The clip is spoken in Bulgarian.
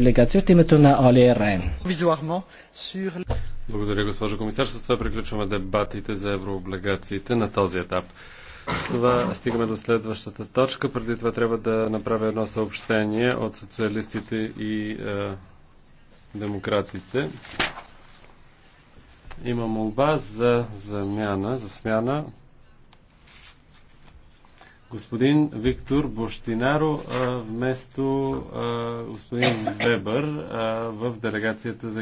делегация от името на Оли Благодаря, госпожо комисар. С това приключваме дебатите за еврооблигациите на този етап. това стигаме до следващата точка. Преди това трябва да направя едно съобщение от социалистите и е, демократите. Има молба за замяна, за смяна господин Виктор Бощинаро вместо господин Вебър в делегацията за